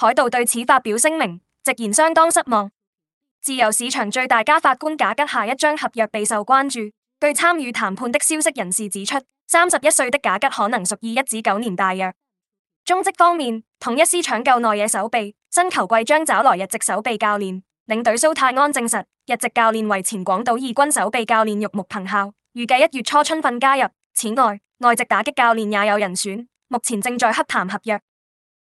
海盜對此發表聲明，直言相當失望。自由市場最大咖法官賈吉下一張合約備受關注。據參與談判的消息人士指出，三十一歲的賈吉可能屬意一紙九年大約。中職方面，統一獅搶救內野手臂，新球季將找來日籍手臂教練。領隊蘇泰安證實，日籍教練為前廣島二軍手臂教練玉木朋孝，預計一月初春訓加入。此外，外籍打擊教練也有人選，目前正在洽談合約。